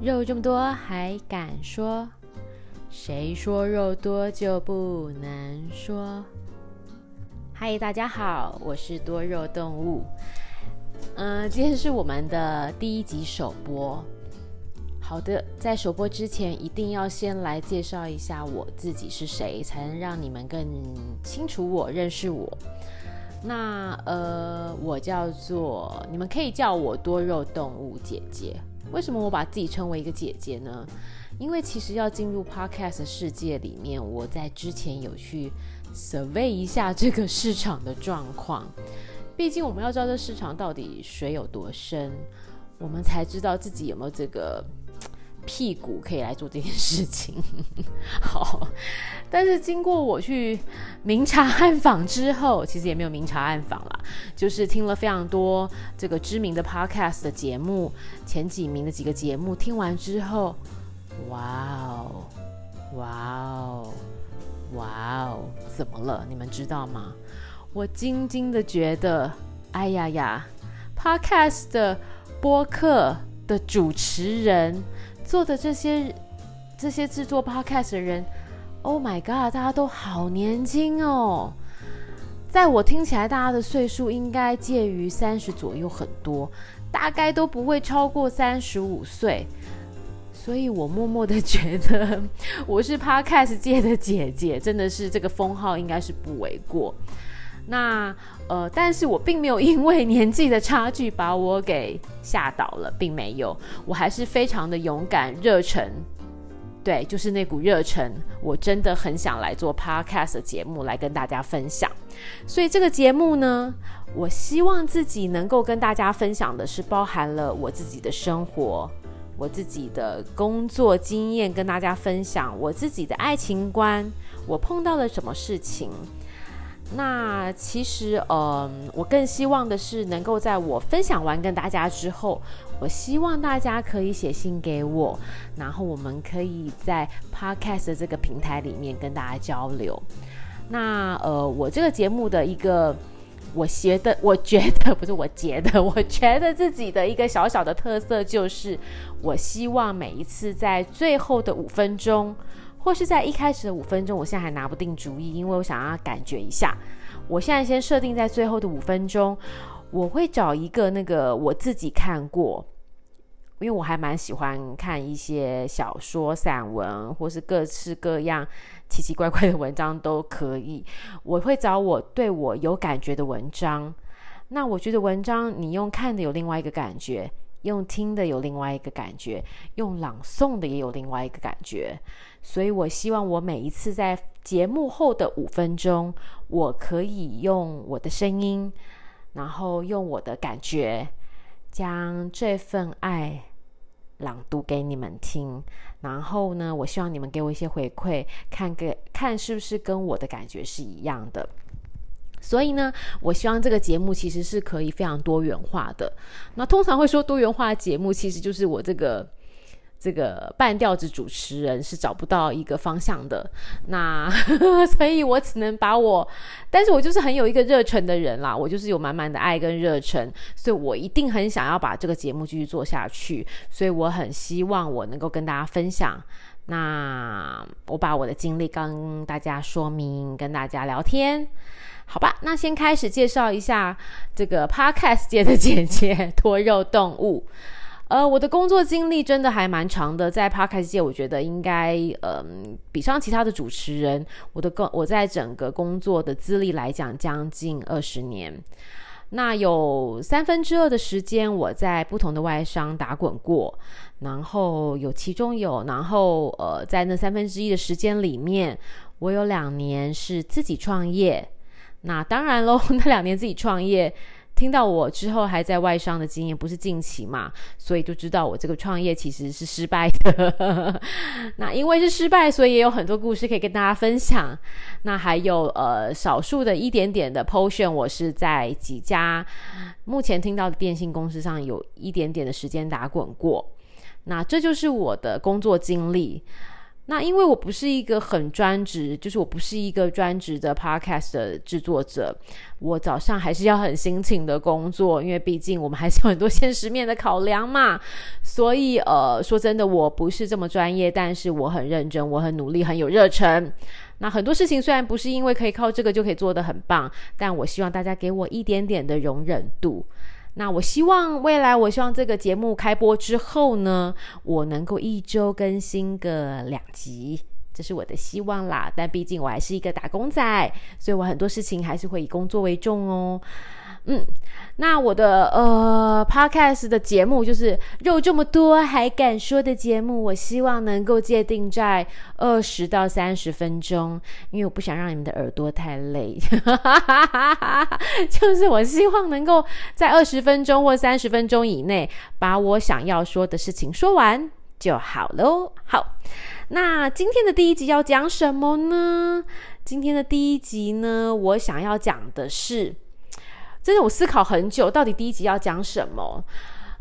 肉這麼多還敢說？誰說肉多就不能說？嗨，大家好，我是多肉動物。嗯、呃，今天是我們的第一集首播。好的，在首播之前，一定要先來介紹一下我自己是誰，才能讓你們更清楚我、認識我。那呃，我叫做，你們可以叫我多肉動物姐姐。為什麼我把自己稱為一個姐姐呢？因為其實要進入 Podcast 的世界裡面，我在之前有去 survey 一下這個市場的狀況。畢竟我們要知道這市場到底水有多深，我們才知道自己有沒有這個。屁股可以來做這件事情， 好。但是經過我去明察暗訪之後，其實也沒有明察暗訪啦，就是聽了非常多這個知名的 podcast 的節目，前幾名的幾個節目聽完之後，哇哦，哇哦，哇哦，怎麼了？你們知道嗎？我靜靜的覺得，哎呀呀，podcast 的播客的主持人。做的這些這些制作 Podcast 的人，Oh my God，大家都好年輕哦，在我聽起來，大家的歲數應該介於三十左右，很多大概都不會超過三十五歲，所以我默默的覺得我是 Podcast 界的姐姐，真的是這個封號應該是不為過。那呃，但是我並沒有因為年紀的差距把我給嚇倒了，並沒有，我還是非常的勇敢、熱忱，對，就是那股熱忱，我真的很想來做 podcast 的節目來跟大家分享。所以這個節目呢，我希望自己能夠跟大家分享的是包含了我自己的生活、我自己的工作經驗，跟大家分享我自己的愛情觀，我碰到了什麼事情。那其實，嗯、呃，我更希望的是能夠在我分享完跟大家之後，我希望大家可以寫信給我，然後我們可以在 Podcast 的這個平台裡面跟大家交流。那呃，我這個節目的一個我的，我覺得，我覺得不是我覺得，我覺得自己的一個小小的特色就是，我希望每一次在最後的五分鐘。或是在一開始的五分鐘，我現在還拿不定主意，因為我想要感覺一下。我現在先設定在最後的五分鐘，我會找一個那個我自己看過，因為我還蠻喜歡看一些小說、散文，或是各式各樣奇奇怪怪的文章都可以。我會找我對我有感覺的文章。那我覺得文章你用看的有另外一個感覺。用聽的有另外一個感覺，用朗誦的也有另外一個感覺，所以我希望我每一次在節目後的五分鐘，我可以用我的聲音，然後用我的感覺，將這份愛朗讀給你們聽。然後呢，我希望你們給我一些回饋，看個，看是不是跟我的感覺是一樣的。所以呢，我希望這個節目其實是可以非常多元化的。那通常會說多元化的節目，其實就是我這個這個半吊子主持人是找不到一個方向的。那，呵呵，所以我只能把我，但是我就是很有一個熱忱的人啦，我就是有滿滿的愛跟熱忱，所以我一定很想要把這個節目繼續做下去。所以我很希望我能夠跟大家分享。那我把我的經歷跟大家說明，跟大家聊天。好吧，那先開始介紹一下這個 podcast 界的姐姐多 肉動物。呃，我的工作經歷真的還蠻長的，在 podcast 界，我覺得應該嗯、呃、比上其他的主持人，我的工我在整個工作的資歷來講將近二十年。那有三分之二的時間我在不同的外商打滾過，然後有其中有，然後呃在那三分之一的時間裡面，我有兩年是自己創業。那當然嘍，那兩年自己創業，聽到我之後還在外商的經驗，不是近期嘛，所以就知道我這個創業其實是失敗的。 那因為是失敗，所以也有很多故事可以跟大家分享。那還有呃，少數的一點點的 portion，我是在幾家目前聽到的電信公司上有一點點的時間打滾過。那這就是我的工作經歷。那因為我不是一個很專職，就是我不是一個專職的 podcast 的制作者，我早上還是要很辛勤的工作，因為畢竟我們還是有很多現實面的考量嘛。所以呃，說真的，我不是這麼專業，但是我很認真，我很努力，很有熱忱。那很多事情雖然不是因為可以靠這個就可以做得很棒，但我希望大家給我一點點的容忍度。那我希望未來，我希望這個節目開播之後呢，我能夠一周更新個兩集，這是我的希望啦，但畢竟我還是一個打工仔，所以我很多事情還是會以工作為重哦。嗯，那我的呃，podcast 的節目就是肉這麼多還敢說的節目，我希望能夠界定在二十到三十分鐘，因為我不想讓你們的耳朵太累。 就是我希望能夠在二十分鐘或三十分鐘以內把我想要說的事情說完就好嘍。好，那今天的第一集要講什麼呢？今天的第一集呢，我想要講的是。真的，我思考很久，到底第一集要講什麼？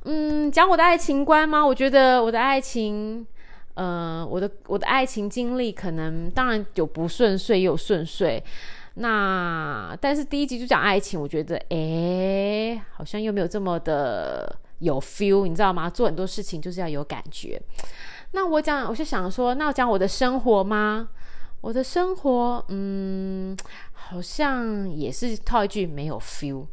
嗯，講我的愛情觀嗎？我覺得我的愛情，呃，我的我的愛情經歷，可能當然有不順遂，也有順遂。那但是第一集就講愛情，我覺得，誒，好像又沒有這麼的有 feel，你知道嗎？做很多事情就是要有感覺。那我講，我就想說，那我講我的生活嗎？我的生活，嗯，好像也是套一句沒有 feel。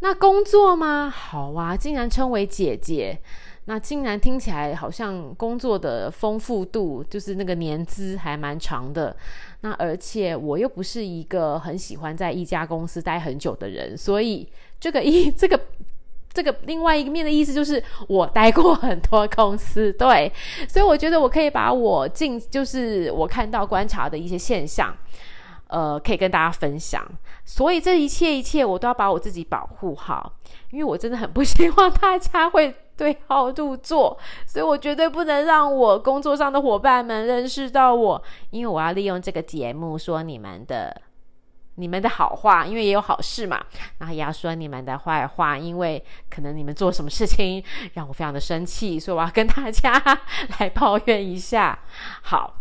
那工作嗎？好啊，竟然稱為姐姐，那竟然聽起來好像工作的豐富度就是那個年資還蠻長的。那而且我又不是一個很喜歡在一家公司待很久的人，所以這個一這個。這個另外一個面的意思就是，我待過很多公司，對，所以我覺得我可以把我進，就是我看到觀察的一些現象，呃，可以跟大家分享。所以這一切一切，我都要把我自己保護好，因為我真的很不希望大家會對號入座，所以我絕對不能讓我工作上的夥伴們認識到我，因為我要利用這個節目說你們的。你們的好話，因為也有好事嘛，然後也要說你們的壞話，因為可能你們做什麼事情讓我非常的生氣，所以我要跟大家來抱怨一下。好，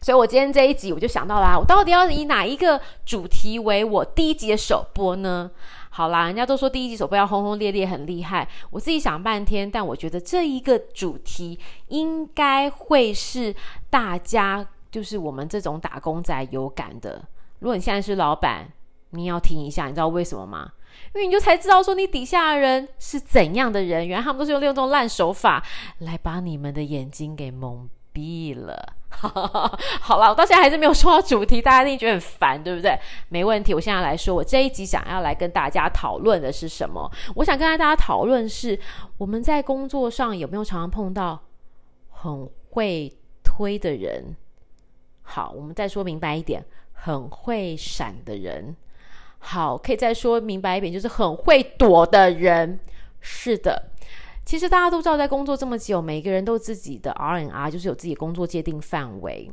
所以我今天這一集我就想到啦啊，我到底要以哪一個主題為我第一集的首播呢？好啦，人家都說第一集首播要轟轟烈烈，很厲害。我自己想半天，但我覺得這一個主題應該會是大家，就是我們這種打工仔有感的。如果你現在是老闆，你要聽一下，你知道為什麼嗎？因為你就才知道說你底下的人是怎樣的人。原來他們都是用利這種爛手法來把你們的眼睛給蒙蔽了。 好了，我到現在還是沒有說到主題，大家一定覺得很煩，對不對？沒問題，我現在來說，我這一集想要來跟大家討論的是什麼？我想跟大家討論的是我們在工作上有沒有常常碰到很會推的人？好，我們再說明白一點。很會閃的人，好，可以再說明白一點，就是很會躲的人。是的，其實大家都知道，在工作這麼久，每個人都有自己的 R N R&R，就是有自己工作界定範圍。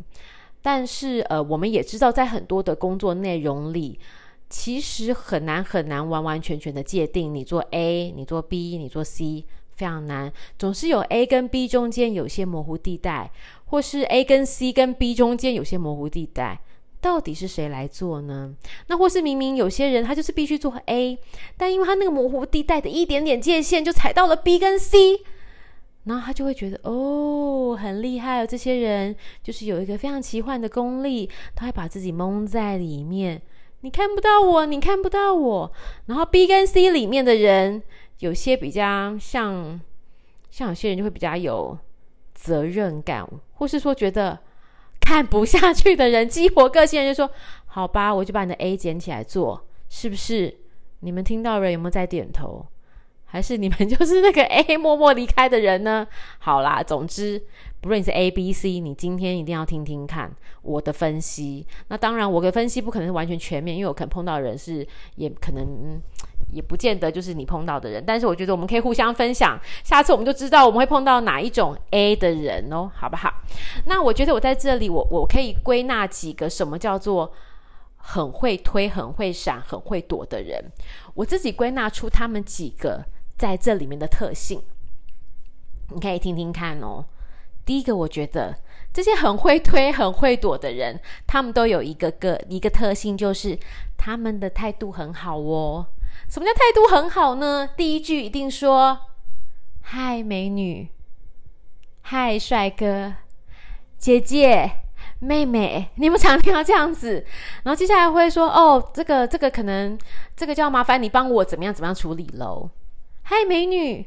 但是，呃，我們也知道，在很多的工作內容裡，其實很難很難完完全全的界定，你做 A，你做 B，你做 C，非常難，總是有 A 跟 B 中間有些模糊地帶，或是 A 跟 C 跟 B 中間有些模糊地帶。到底是誰來做呢？那或是明明有些人他就是必須做 A，但因為他那個模糊地帶的一點點界限，就踩到了 B 跟 C，然後他就會覺得哦，很厲害哦，這些人就是有一個非常奇幻的功力，他還把自己蒙在裡面，你看不到我，你看不到我。然後 B 跟 C 裡面的人，有些比較像，像有些人就會比較有責任感，或是說覺得。看不下去的人，激活個性的人就說：“好吧，我就把你的 A 撿起來做，是不是？”你們聽到人有沒有在點頭？還是你們就是那個 A 默默離開的人呢？好啦，總之，不論你是 A、B、C，你今天一定要聽聽看我的分析。那當然，我的分析不可能是完全全面，因為我可能碰到的人是，也可能。也不見得就是你碰到的人，但是我覺得我們可以互相分享，下次我們就知道我們會碰到哪一種 A 的人哦，好不好？那我覺得我在這裡我，我我可以歸納幾個什麼叫做很會推、很會閃、很會躲的人，我自己歸納出他們幾個在這裡面的特性，你可以聽聽看哦。第一個，我覺得這些很會推、很會躲的人，他們都有一個個一個特性，就是他們的態度很好哦。什麼叫態度很好呢？第一句一定說“嗨，美女，嗨，帥哥，姐姐，妹妹”，你們常聽到這樣子。然後接下來會說：“哦，這個，這個可能，這個就要麻煩你幫我怎麼樣怎麼樣處理嘍。”“嗨，美女，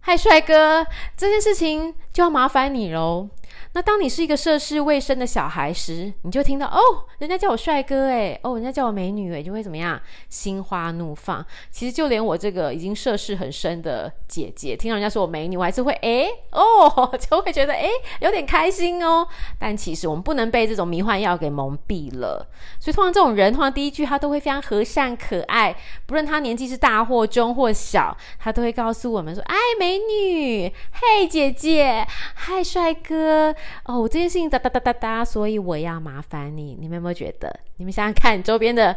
嗨，帥哥，這件事情。”就要麻煩你嘍。那當你是一個涉世未深的小孩時，你就聽到哦，人家叫我帥哥哎，哦，人家叫我美女誒，就會怎麼樣，心花怒放。其實就連我這個已經涉世很深的姐姐，聽到人家說我美女，我還是會哎哦，就會覺得哎有點開心哦。但其實我們不能被這種迷幻藥給蒙蔽了。所以通常這種人，通常第一句他都會非常和善可愛，不論他年紀是大或中或小，他都會告訴我們說：哎，美女，嘿，姐姐。嗨，帥哥哦！我這件事情噠噠噠噠噠，所以我要麻煩你。你們有沒有覺得？你們想想看，周邊的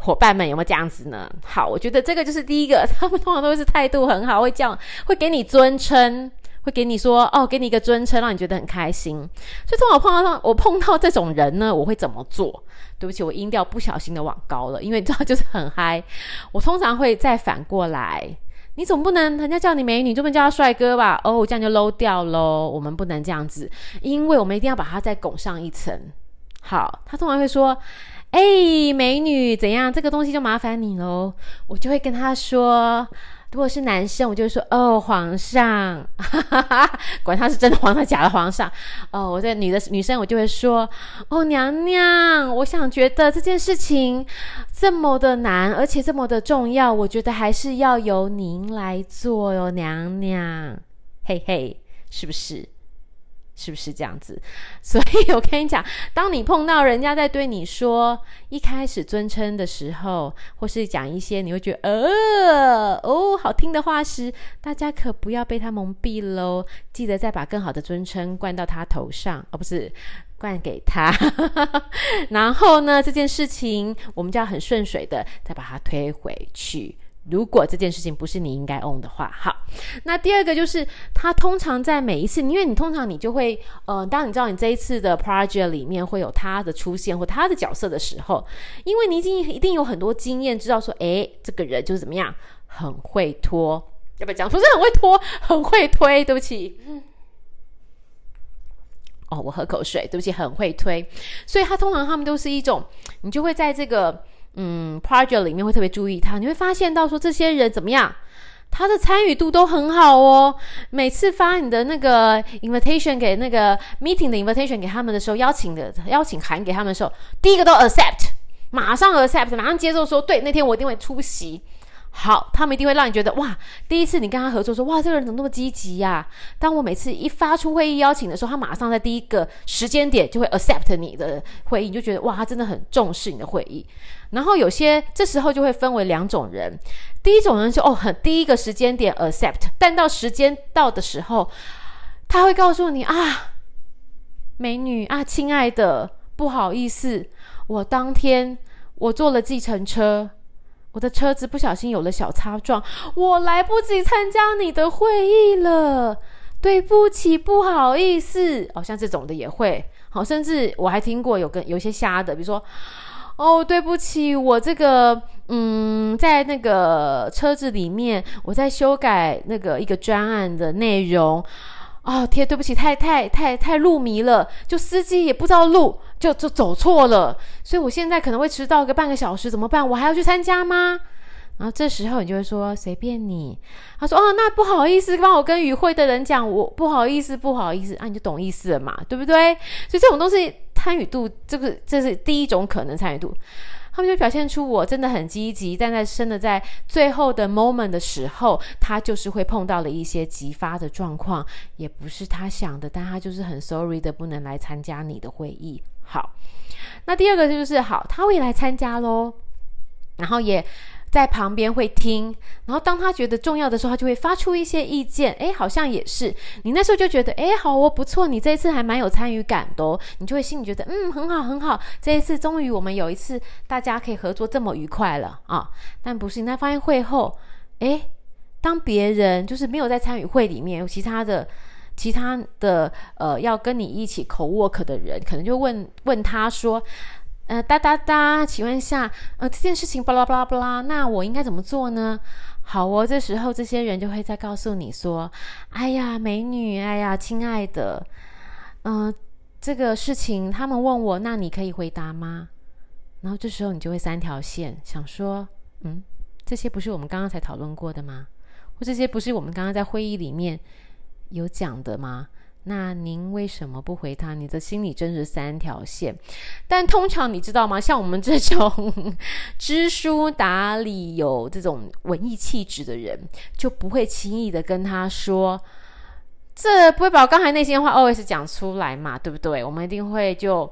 夥伴們有沒有這樣子呢？好，我覺得這個就是第一個。他們通常都是態度很好，會這樣，會給你尊稱，會給你說哦，給你一個尊稱，讓你覺得很開心。所以，通常我碰到，我碰到這種人呢，我會怎麼做？對不起，我音調不小心的往高了，因為你知道就是很嗨。我通常會再反過來。你總不能人家叫你美女，就不能叫他帥哥吧？哦，這樣就 low 掉嘍。我們不能這樣子，因為我們一定要把它再拱上一層。好，他通常會說：“誒，美女，怎樣？這個東西就麻煩你嘍。”我就會跟他說。如果是男生，我就會說哦，皇上，哈哈哈哈，管他是真的皇上、假的皇上。哦，我這女的女生，我就會說哦，娘娘，我想覺得這件事情這麼的難，而且這麼的重要，我覺得還是要由您來做喲哦，娘娘，嘿嘿，是不是？是不是這樣子？所以我跟你講，當你碰到人家在對你說，一開始尊稱的時候，或是講一些你會覺得呃哦，哦好聽的話時，大家可不要被他蒙蔽嘍。記得再把更好的尊稱灌到他頭上，而、哦、不是灌給他。 然後呢，這件事情我們就要很順水的再把它推回去。如果這件事情不是你應該 own 的話，好，那第二個就是他通常在每一次，因為你通常你就會，呃，當你知道你這一次的 project 裡面會有他的出現或他的角色的時候，因為你已經一定有很多經驗，知道說，誒，這個人就是怎麼樣，很會拖，要不要講？不是很會拖，很會推，對不起，嗯，哦，我喝口水，對不起，很會推，所以他通常他們都是一種，你就會在這個。嗯，project 裡面會特別注意他，你會發現到說，這些人怎麼樣，他的參與度都很好哦。每次發你的那個 invitation 給那個 meeting 的 invitation 給他們的時候，邀請的邀請函給他們的時候，第一個都 accept，馬上 accept，馬上接受說，對，那天我一定會出席。好，他們一定會讓你覺得哇，第一次你跟他合作說，說哇，這個人怎麼那麼積極呀、啊，當我每次一發出會議邀請的時候，他馬上在第一個時間點就會 accept 你的會議，你就覺得哇，他真的很重視你的會議。然後有些這時候就會分為兩種人，第一種人就哦，很第一個時間點 accept，但到時間到的時候，他會告訴你啊，美女啊，親愛的，不好意思，我當天我坐了計程車。我的車子不小心有了小擦撞，我來不及參加你的會議了，對不起，不好意思。好，哦，像這種的也會好，哦，甚至我還聽過有跟有些瞎的，比如說，哦，對不起，我這個，嗯，在那個車子裡面，我在修改那個一個專案的內容。哦，天，對不起，太太太太迷路了，就司機也不知道路，就就走錯了，所以我現在可能會遲到個半個小時，怎麼辦？我還要去參加嗎？然後這時候你就會說隨便你。他說哦，那不好意思，幫我跟與會的人講，我不好意思，不好意思啊，你就懂意思了嘛，對不對？所以這種東西參與度，這個，這是第一種可能參與度。他們就表現出我真的很積極，但在真的在最後的 moment 的時候，他就是會碰到了一些急發的狀況，也不是他想的，但他就是很 sorry 的不能來參加你的會議。好，那第二個就是好，他會來參加咯，然後也。在旁邊會聽，然後當他覺得重要的時候，他就會發出一些意見。哎，好像也是你那時候就覺得，哎，好哦，不錯，你這一次還蠻有參與感的哦，你就會心裡覺得，嗯，很好，很好，這一次終於我們有一次大家可以合作這麼愉快了啊。但不是，你發現會後，哎，當別人就是沒有在參與會裡面，有其他的、其他的呃，要跟你一起 co-work 的人，可能就問問他說。呃，噠噠噠，請問一下，呃，這件事情，巴拉巴拉巴拉，那我應該怎麼做呢？好哦，這時候這些人就會再告訴你說：“哎呀，美女，哎呀，親愛的，呃，這個事情，他們問我，那你可以回答嗎？”然後這時候你就會三條線，想說：“嗯，這些不是我們剛剛才討論過的嗎？或這些不是我們剛剛在會議裡面有講的嗎？”那您為什麼不回他？你的心裡真是三條線。但通常你知道嗎？像我們這種知書達理、有這種文藝氣質的人，就不會輕易的跟他說，這不會把我剛才那些話 always 講出來嘛，對不對？我們一定會就。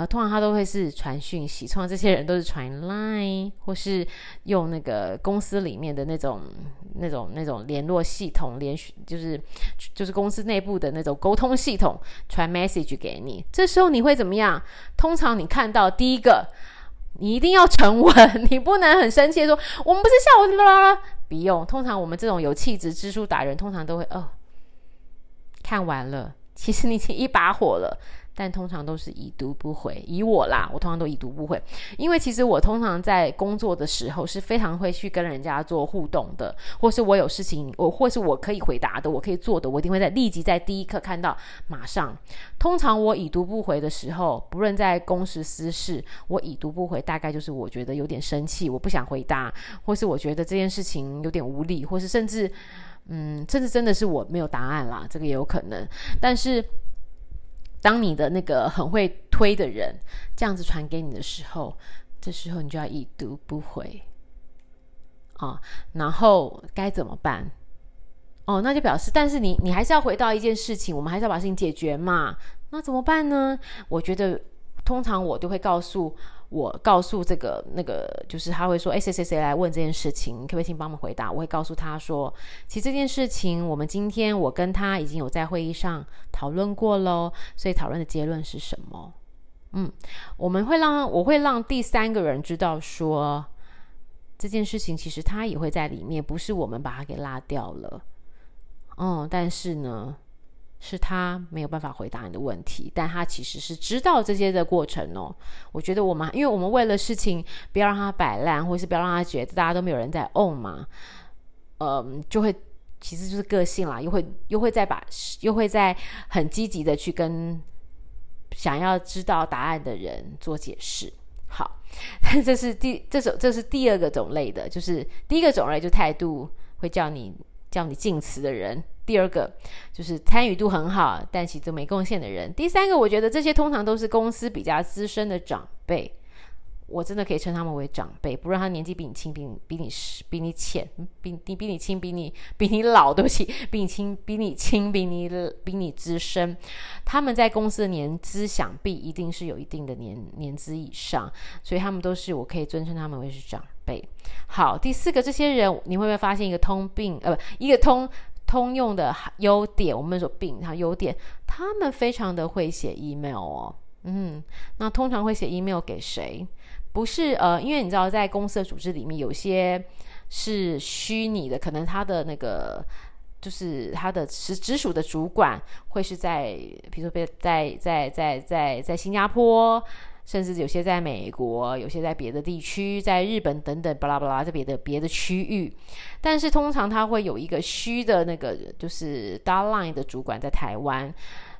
啊、通常他都會是傳訊息，通常這些人都是傳 line，或是用那個公司裡面的那種、那種、那種聯絡系統，連續就是就是公司內部的那種溝通系統傳 message 給你。這時候你會怎麼樣？通常你看到第一個，你一定要沉穩，你不能很生氣說“我們不是下午怎麼啦啦啦”。不用，通常我們這種有氣質、知書達人，通常都會哦，看完了，其實你已經一把火了。但通常都是已讀不回，以我啦，我通常都已讀不回，因為其實我通常在工作的時候是非常會去跟人家做互動的，或是我有事情，我或是我可以回答的，我可以做的，我一定會在立即在第一刻看到，馬上。通常我已讀不回的時候，不論在公事私事，我已讀不回，大概就是我覺得有點生氣，我不想回答，或是我覺得這件事情有點無力，或是甚至，嗯，甚至真的是我沒有答案啦，這個也有可能，但是。當你的那個很會推的人這樣子傳給你的時候，這時候你就要已讀不回，哦。然後該怎麼辦？哦，那就表示，但是你你還是要回到一件事情，我們還是要把事情解決嘛。那怎麼辦呢？我覺得通常我都會告訴。我告訴這個那個，就是他會說：“哎、欸，誰誰誰來問這件事情，可不可以請幫忙回答？”我會告訴他說：“其實這件事情，我們今天我跟他已經有在會議上討論過囉，所以討論的結論是什麼？嗯，我們會讓我會讓第三個人知道說，這件事情其實他也會在裡面，不是我們把他給拉掉了。哦、嗯，但是呢。”是他沒有辦法回答你的問題，但他其實是知道這些的過程哦。我覺得我們，因為我們為了事情，不要讓他擺爛，或是不要讓他覺得大家都沒有人在哦嘛，嗯，就會其實就是個性啦，又會又會再把又會再很積極的去跟想要知道答案的人做解釋。好，但這是第這種這是第二個種類的，就是第一個種類就態度會叫你。叫你進詞的人，第二個就是參與度很好，但其實都沒貢獻的人，第三個我覺得這些通常都是公司比較資深的長輩。我真的可以稱他們為長輩，不論他年紀比你輕，比你比你比你淺，比你比你輕，比你比你比你比你比你比你老，對不起，比你輕，比你輕，比你比你資深，他們在公司的年資想必一定是有一定的年年資以上，所以他們都是我可以尊稱他們為是長輩。好，第四個，這些人你會不會發現一個通病？呃，不，一個通通用的優點，我們說病，它優點，他們非常的會寫 email 哦。嗯，那通常會寫 email 給誰？不是呃，因為你知道，在公司的組織裡面，有些是虛擬的，可能他的那個就是他的直直屬的主管會是在，比如說在在在在在在新加坡，甚至有些在美國，有些在別的地區，在日本等等，巴拉巴拉這別的別的區域。但是通常他會有一個虛的那個就是 dot line 的主管在台灣。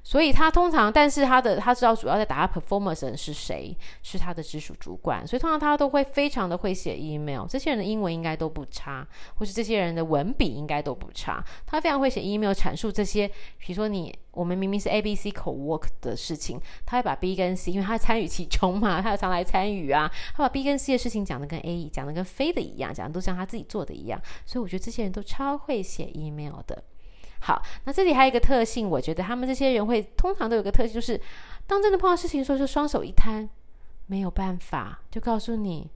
所以他通常，但是他的他知道主要在打他 performance 是誰，是他的直屬主管。所以通常他都會非常的會寫 email。這些人的英文應該都不差，或是這些人的文筆應該都不差。他非常會寫 email，闡述這些，比如說你我們明明是 A、B、C co work 的事情，他會把 B 跟 C，因為他參與其中嘛，他要常來參與啊，他把 B 跟 C 的事情講的跟 A 講的跟飛的一樣，講的都像他自己做的一樣。所以我覺得這些人都超會寫 email 的。好，那這裡還有一個特性，我覺得他們這些人會通常都有一個特性，就是當真的碰到事情說，說是雙手一攤，沒有辦法，就告訴你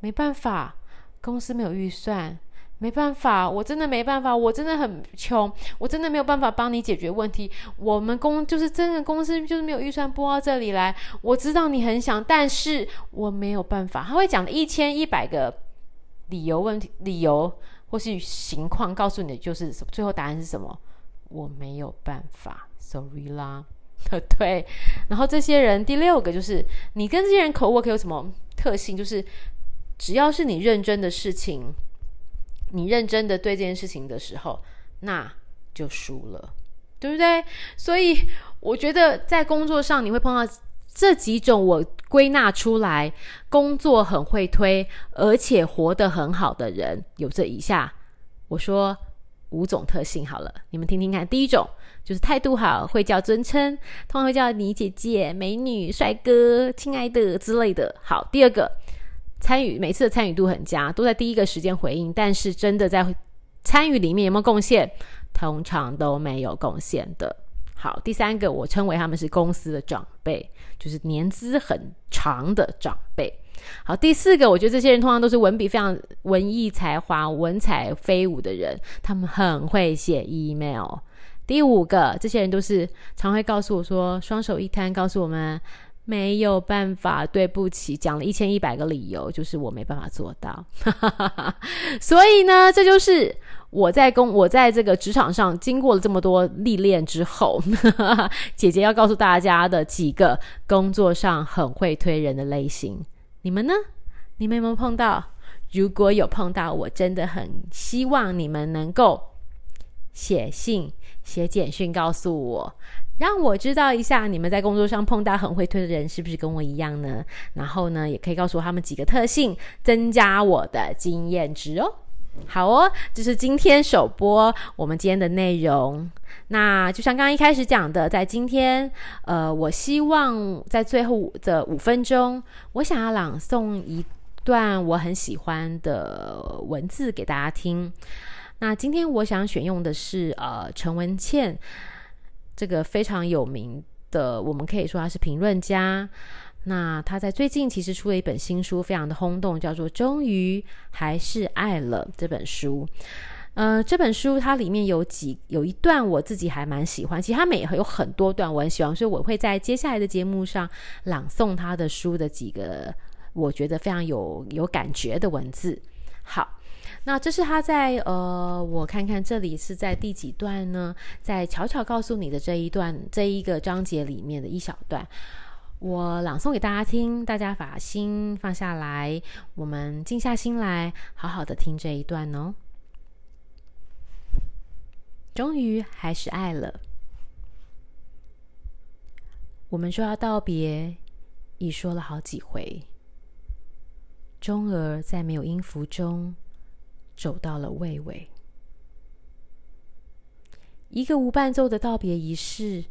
沒辦法，公司沒有預算，沒辦法，我真的沒辦法，我真的很窮，我真的沒有辦法幫你解決問題。我們公就是真的公司就是沒有預算撥到這裡來，我知道你很想，但是我沒有辦法。他會講一千一百個理由問題，理由。或是情況告訴你，就是最後答案是什麼？我沒有辦法，sorry 啦。 對，然後這些人，第六個就是你跟這些人 co-work 有什麼特性？就是只要是你認真的事情，你認真的對這件事情的時候，那就輸了，對不對？所以我覺得在工作上你會碰到。這幾種我歸納出來，工作很會推，而且活得很好的人有這以下。我說五種特性好了，你們聽聽看。第一種就是態度好，會叫尊稱，通常會叫你姐姐、美女、帥哥、親愛的之類的。好，第二個參與，每次的參與度很佳，都在第一個時間回應，但是真的在參與裡面有沒有貢獻，通常都沒有貢獻的。好，第三個我稱為他們是公司的長輩，就是年資很長的長輩。好，第四個我覺得這些人通常都是文筆非常文藝、才華文采飛舞的人，他們很會寫 email。第五個，這些人都是常會告訴我說，雙手一攤，告訴我們。沒有辦法，對不起，講了一千一百個理由，就是我沒辦法做到。 所以呢，這就是我在工，我在這個職場上經過了這麼多歷練之後， 姐姐要告訴大家的幾個工作上很會推人的類型。你們呢？你們有沒有碰到？如果有碰到，我真的很希望你們能夠寫信、寫簡訊告訴我。讓我知道一下，你們在工作上碰到很會推的人是不是跟我一樣呢？然後呢，也可以告訴我他們幾個特性，增加我的經驗值哦。好哦，這是今天首播，我們今天的內容。那就像剛剛一開始講的，在今天，呃，我希望在最後的五,五分鐘，我想要朗誦一段我很喜歡的文字給大家聽。那今天我想選用的是呃陳文茜。這個非常有名的，我們可以說他是評論家。那他在最近其實出了一本新書，非常的轟動，叫做《終於還是愛了》這本書。呃，這本書它裡面有幾有一段我自己還蠻喜歡，其實他也有很多段我很喜歡，所以我會在接下來的節目上朗誦他的書的幾個我覺得非常有有感覺的文字。好。那這是他在呃，我看看這裡是在第幾段呢？在悄悄告訴你的這一段，這一個章節裡面的一小段，我朗誦給大家聽。大家把心放下來，我們靜下心來，好好的聽這一段哦。終於還是愛了，我們說要道別，已說了好幾回，鐘兒在沒有音符中。走到了末尾，一個無伴奏的道別儀式，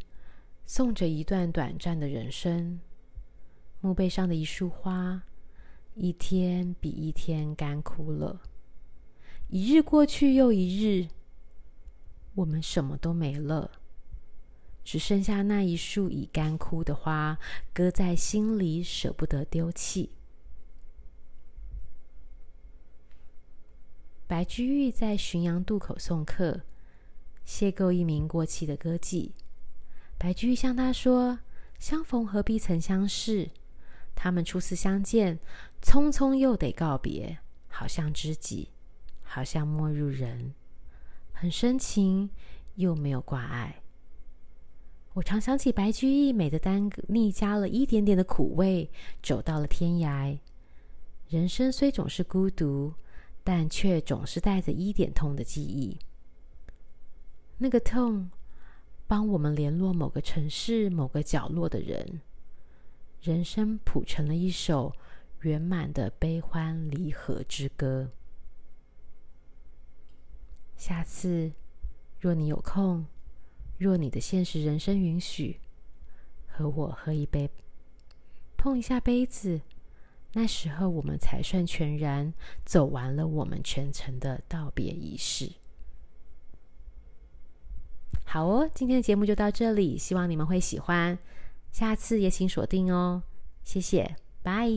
送着一段短暫的人生。墓碑上的一束花，一天比一天乾枯了。一日過去又一日，我們什麼都沒了，只剩下那一束已乾枯的花，擱在心裡捨不得丟棄。白居易在潯陽渡口送客，邂逅一名過氣的歌妓。白居易向他說：“相逢何必曾相識。”他們初次相見，匆匆又得告別，好像知己，好像陌路人，很深情又沒有掛礙。我常想起白居易，美的單個膩加了一點點的苦味，走到了天涯。人生雖總是孤獨。但卻總是帶着一點痛的記憶。那個痛，幫我們聯絡某個城市、某個角落的人。人生譜成了一首圓滿的悲歡離合之歌。下次，若你有空，若你的現實人生允許，和我喝一杯，碰一下杯子。那時候我們才算全然走完了我們全程的道別儀式。好哦，今天的節目就到這裡，希望你們會喜歡，下次也請鎖定哦，謝謝，拜。